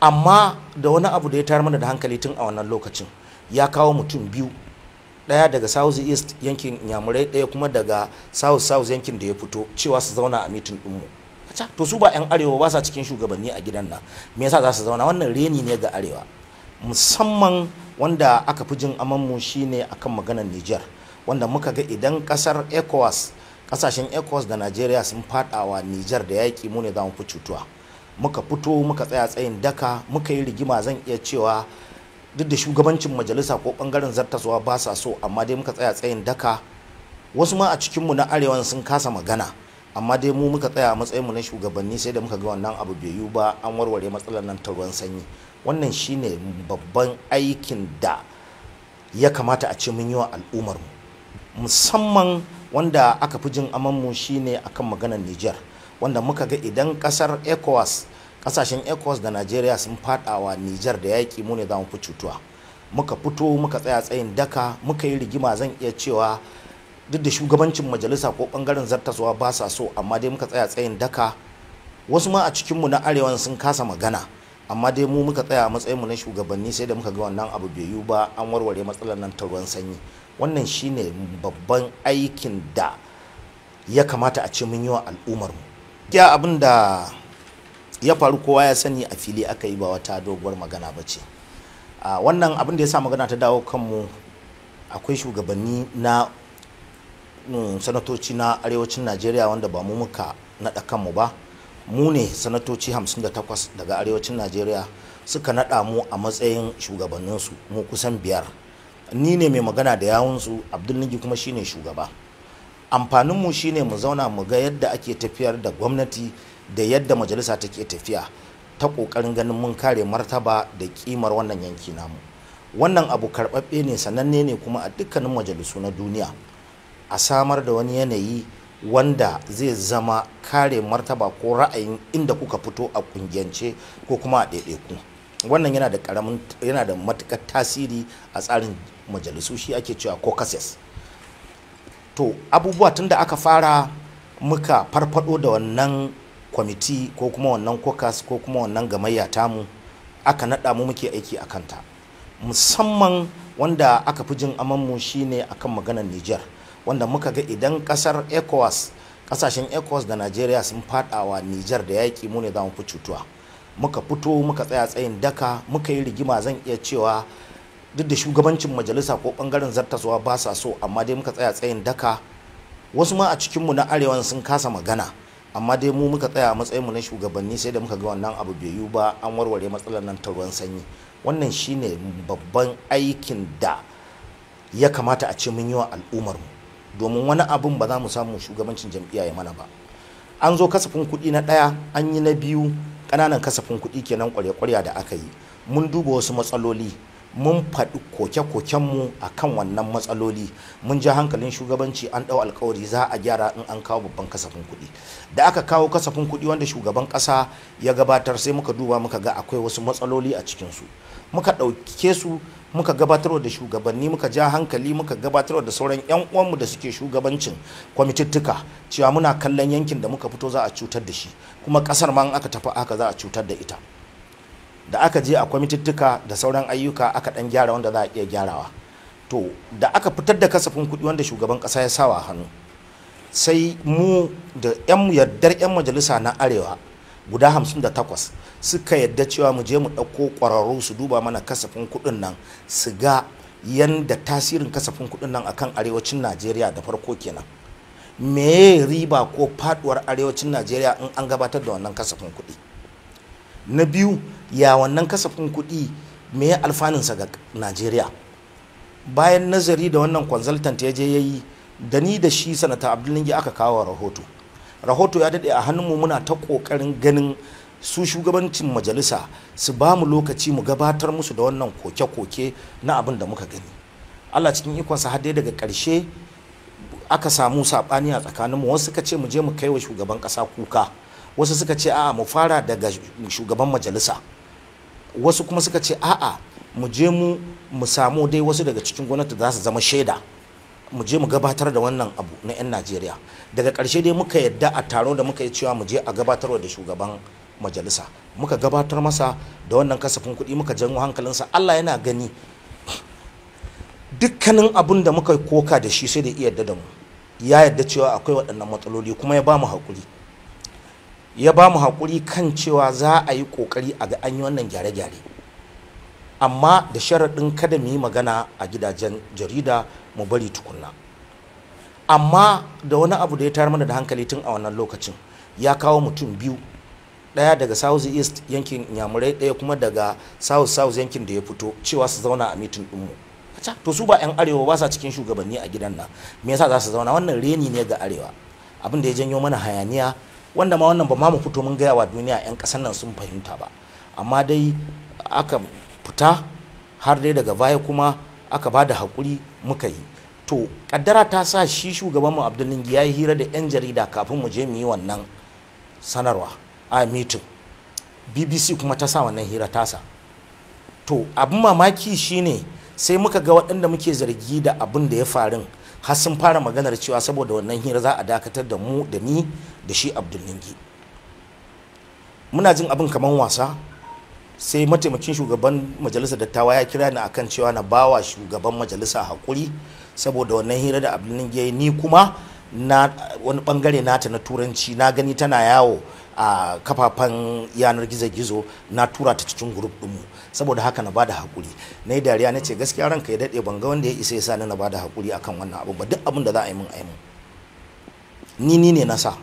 amma da wani abu da ya tayar mana da hankali tun a wannan lokacin ya kawo mutum biyu daya daga south east yankin nyamurai daya kuma daga south south yankin da ya fito cewa su zauna a mitin dinmu to su ba 'yan arewa ba sa cikin shugabanni a gidan nan me yasa za su zauna wannan reni ne ga arewa musamman wanda aka fi jin amanmu shine akan maganar niger wanda muka ga idan kasar ecowas kasashen ecowas da nigeria sun fadawa niger da yaki mu ne za mu fi cutuwa muka fito muka tsaya tsayin daka muka yi rigima zan iya cewa duk da shugabancin majalisa ko bangaren zartaswa ba sa so amma dai muka tsaya tsayin daka wasu ma a cikinmu na arewan sun kasa magana amma dai mu muka tsaya matsayinmu na shugabanni sai da muka ga wannan abu bai yiwu ba an warware matsalar nan ta ruwan sanyi wannan shine babban aikin da ya kamata a ce mun yi wa al'ummarmu musamman wanda aka fi jin amanmu shine akan maganar Nijar. wanda muka ga idan kasar ecowas kasashen ecowas da nigeria sun fadawa nijar da yaƙi mu ne za mu fi cutuwa muka fito muka tsaya tsayin daka muka yi rigima zan iya cewa duk da shugabancin majalisa ko bangaren zartaswa ba sa so amma dai muka tsaya tsayin daka wasu ma a cikinmu na arewa sun kasa magana amma dai mu muka tsaya matsayinmu na shugabanni sai da muka ga wannan abu bai yiwu ba an warware matsalar nan ta ruwan sanyi wannan shine babban aikin da ya kamata a ce mun yi wa al'ummarmu gaskiya abin da ya faru kowa ya sani a fili aka yi ba wata doguwar magana ba ce wannan abin da ya sa magana ta dawo kanmu akwai shugabanni na mm, sanatoci na arewacin najeriya wanda ba mu muka naɗa kanmu ba mu ne sanatoci 58 daga arewacin najeriya suka naɗa mu a matsayin shugabanninsu mu kusan biyar ni ne mai magana da yawunsu abdul kuma shine shugaba amfaninmu shine mu zauna mu ga yadda ake tafiyar da gwamnati da yadda majalisa take tafiya ta ƙoƙarin ganin mun kare martaba da ƙimar wannan yanki namu wannan abu karɓaɓɓe ne sananne ne kuma a dukkanin majalisu na duniya a samar da wani yanayi wanda zai zama kare martaba ko ra'ayin inda kuka fito a kungiyance ko kuma a ɗaiɗaiku wannan yana da matuƙar tasiri a tsarin majalisu shi ake cewa caucuses to abubuwa tun da aka fara muka farfado da wannan kwamiti ko kuma wannan kokas ko kuma wannan gamayya tamu aka naɗa mu muke aiki a kanta musamman wanda aka fi jin amanmu shine akan maganar niger wanda muka ga idan kasar ecowas kasashen ecowas da nigeria sun fadawa niger da yaƙi mu ne za mu fi cutuwa muka fito muka tsaya tsayin daka muka yi rigima zan iya cewa duk da shugabancin majalisa ko bangaren zartaswa ba sa so amma dai muka tsaya tsayin daka wasu ma a cikinmu na arewan sun kasa magana amma dai mu muka tsaya matsayinmu na shugabanni sai da muka ga wannan abu bai yiwu ba an warware matsalar nan ta ruwan sanyi wannan shine babban aikin da ya kamata a ce mun yi wa mu domin wani abun ba za mu samu shugabancin jam'iyya ya mana ba an zo kasafin kuɗi na ɗaya an yi na biyu ƙananan kasafin kuɗi kenan ƙwarya-ƙwarya da aka yi mun duba wasu matsaloli mun faɗi koke-kokenmu a kan wannan matsaloli mun ja hankalin shugabanci an ɗau alkawari za a gyara in an kawo babban kasafin kuɗi da aka kawo kasafin kuɗi wanda shugaban ƙasa ya gabatar sai muka duba muka ga akwai wasu matsaloli a cikinsu muka ɗauke su muka gabatar da shugabanni muka ja hankali muka gabatar da sauran 'yan uwanmu da suke shugabancin kwamitittuka cewa muna kallon yankin da muka fito za a cutar da shi kuma ƙasar ma in aka tafi aka za a cutar da ita da aka je a kwamitittuka da sauran ayyuka aka dan gyara wanda za a iya gyarawa to da aka fitar da kasafin kuɗi wanda shugaban ƙasa ya sawa hannu sai mu da 'yan yardar 'yan majalisa na arewa guda 58 suka yadda cewa mu je mu ɗauko ƙwararru su duba mana kasafin kuɗin nan su ga yanda tasirin kasafin kuɗin nan akan arewacin najeriya da farko kenan me riba ko faduwar arewacin najeriya in an gabatar da wannan kasafin kuɗi na biyu ya wannan kasafin kuɗi me ya alfaninsa ga najeriya bayan nazari da wannan consultant ya je ya yi da ni da shi sanata abdullingi aka kawo rahoto rahoto ya daɗe a mu muna ta ƙoƙarin ganin su shugabancin majalisa su ba mu lokaci mu gabatar musu da wannan koke-koke na abin da muka gani allah cikin ikonsa har dai daga karshe aka samu saɓani a tsakaninmu wasu suka ce mu je mu kai wa shugaban ƙasa kuka wasu suka ce a'a mu fara daga shugaban majalisa wasu kuma suka ce a'a mu je mu mu samu dai wasu daga cikin gwamnati za su zama shaida mu je mu gabatar da wannan abu na 'yan najeriya daga ƙarshe dai muka yadda a taron da muka yi cewa mu je a gabatarwa da shugaban majalisa muka gabatar masa da wannan kasafin kuɗi muka janyo hankalinsa allah yana gani dukkanin abun da muka koka da shi sai da iya yadda da mu ya yadda cewa akwai waɗannan matsaloli kuma ya ba mu haƙuri ya ba mu haƙuri kan cewa za a yi ƙoƙari a ga an yi wannan gyare-gyare amma da sharaɗin kada mu yi magana a gidajen jarida mu bari tukunna amma da wani abu da ya tayar mana da hankali tun a wannan lokacin ya kawo mutum biyu ɗaya daga south east yankin nyamurai ɗaya kuma daga south south yankin da ya fito cewa su zauna a mitin ɗinmu to su ba 'yan arewa ba sa cikin shugabanni a gidan nan me yasa za su zauna wannan reni ne ga arewa abin da ya janyo mana hayaniya wanda ma wannan ba ma mu fito mun gaya wa duniya 'yan ƙasar nan sun fahimta ba amma dai aka fita har dai daga baya kuma aka ba da haƙuri muka yi to kaddara ta sa shi shugaban mu abdullingi ya yi hira da 'yan jarida kafin mu je mu yi wannan sanarwa a mitin bbc kuma ta sa wannan hira tasa to abin mamaki shine sai muka ga waɗanda muke zargi da abin da ya farin har sun fara maganar cewa saboda wannan hira za a dakatar da mu da ni da shi abdul muna jin abin kamar wasa sai mataimakin shugaban majalisa dattawa ya kira ni akan cewa na bawa shugaban majalisa hakuri saboda wannan hira da ya yi ni kuma wani bangare nata na turanci na gani tana yawo a kafafen yanar gizo-gizo na tura ta cikin grup dinmu saboda haka na bada hakuri na yi dariya na ce gaskiya ranka ya daɗe ban ga wanda ya isa ya sa na bada hakuri akan wannan abu ba duk abin da za a yi min a yi min ni ni ne na sa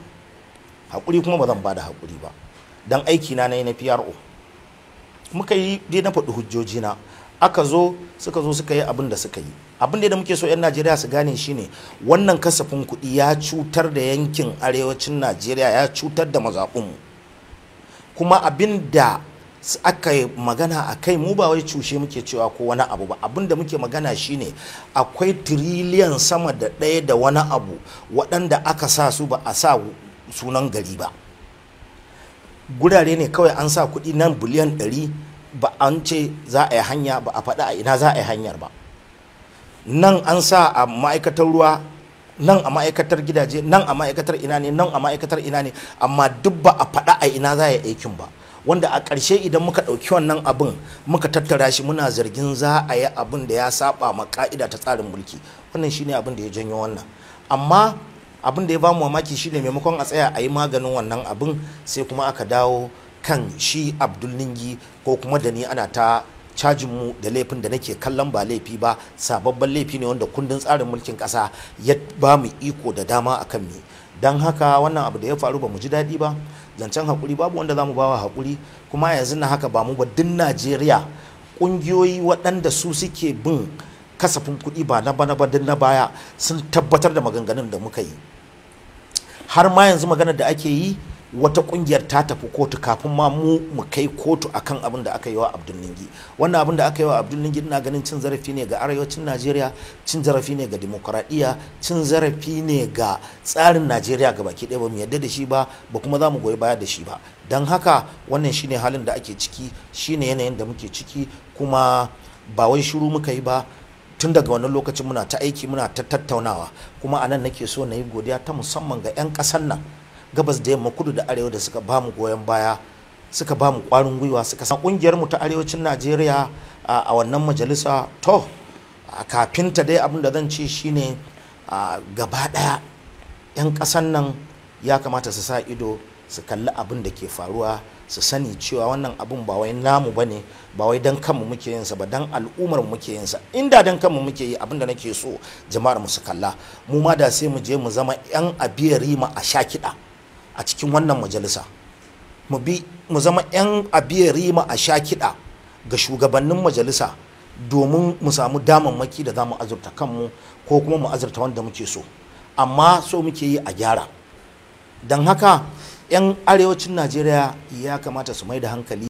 hakuri kuma ba zan bada hakuri ba dan aiki na na yi na PRO muka yi dai na faɗi hujjoji na aka zo suka zo suka yi abin da suka yi abin da muke so 'yan najeriya su gane shine wannan kasafin kuɗi ya cutar da yankin arewacin najeriya ya cutar da mazaɓinmu kuma abin da aka yi magana a kai mu ba wai cushe muke cewa ko wani abu ba abin da muke magana shine akwai tiriliyan sama da ɗaya da wani abu waɗanda aka sa su ba a sa sunan gari ba gurare ne kawai an sa kuɗi nan biliyan ɗari ba an ce za a yi hanya ba a faɗi a ina za a yi hanyar ba nan an sa a ma'aikatar ruwa nan a ma'aikatar gidaje nan a ma'aikatar ina ne nan a ma'aikatar ina ne amma duk ba a faɗa a ina za a yi aikin ba wanda a ƙarshe idan muka ɗauki wannan abin muka tattara shi muna zargin za a yi abin da ya saba ma ka'ida ta tsarin mulki wannan shine abin da ya janyo wannan amma abin da ya bamu mamaki shine maimakon a tsaya a yi maganin wannan abin sai kuma aka dawo kan shi abdul ningi ko kuma da ni ana ta cajin mu da laifin da nake kallon ba laifi ba sababban laifi ne wanda kundin tsarin mulkin kasa ya ba mu iko da dama a kan mi don haka wannan abu da ya faru ba mu ji daɗi ba zancen haƙuri babu wanda za mu bawa haƙuri kuma yanzu na haka ba mu ba duk najeriya ƙungiyoyi waɗanda su suke bin kasafin kuɗi ba na bana ba na baya sun tabbatar da maganganun da muka yi har ma yanzu magana da ake yi wata kungiyar ta tafi kotu kafin ma mu mu kai kotu akan abin da aka yi wa Abdul Ningi wannan abin da aka yi wa Abdul Ningi ina ganin cin zarafi ne ga arewacin Najeriya cin zarafi ne ga demokradiyya cin zarafi ne ga tsarin Najeriya ga baki ɗaya ba mu yadda da shi ba ba kuma za mu goyi baya da shi ba don haka wannan shine halin da ake ciki shine yanayin da muke ciki kuma ba wai shiru muka yi ba tun daga wannan lokacin muna ta aiki muna ta tattaunawa kuma anan nake so na yi godiya ta musamman ga 'yan ƙasar nan gabas da yamma kudu da arewa da suka bamu goyon baya suka bamu kwarin gwiwa suka sa kungiyar mu ta arewacin Najeriya a wannan majalisa to kafin ta dai abin da zan ci shine gaba daya yan kasan nan ya kamata su sa ido su kalli abin da ke faruwa su sani cewa wannan abin ba wai namu ba ne ba wai dan kanmu muke yin sa ba dan al'ummar mu muke yin sa inda dan kanmu muke yi abin da nake so jama'ar mu su kalla mu ma da sai mu je mu zama yan abiyar rima a sha kiɗa a cikin wannan majalisa mu bi mu zama 'yan abiyar rima a sha kiɗa ga shugabannin majalisa domin mu samu damammaki da za mu azurta kanmu ko kuma mu azurta wanda muke so amma so muke yi a gyara don haka 'yan arewacin najeriya ya kamata su mai da hankali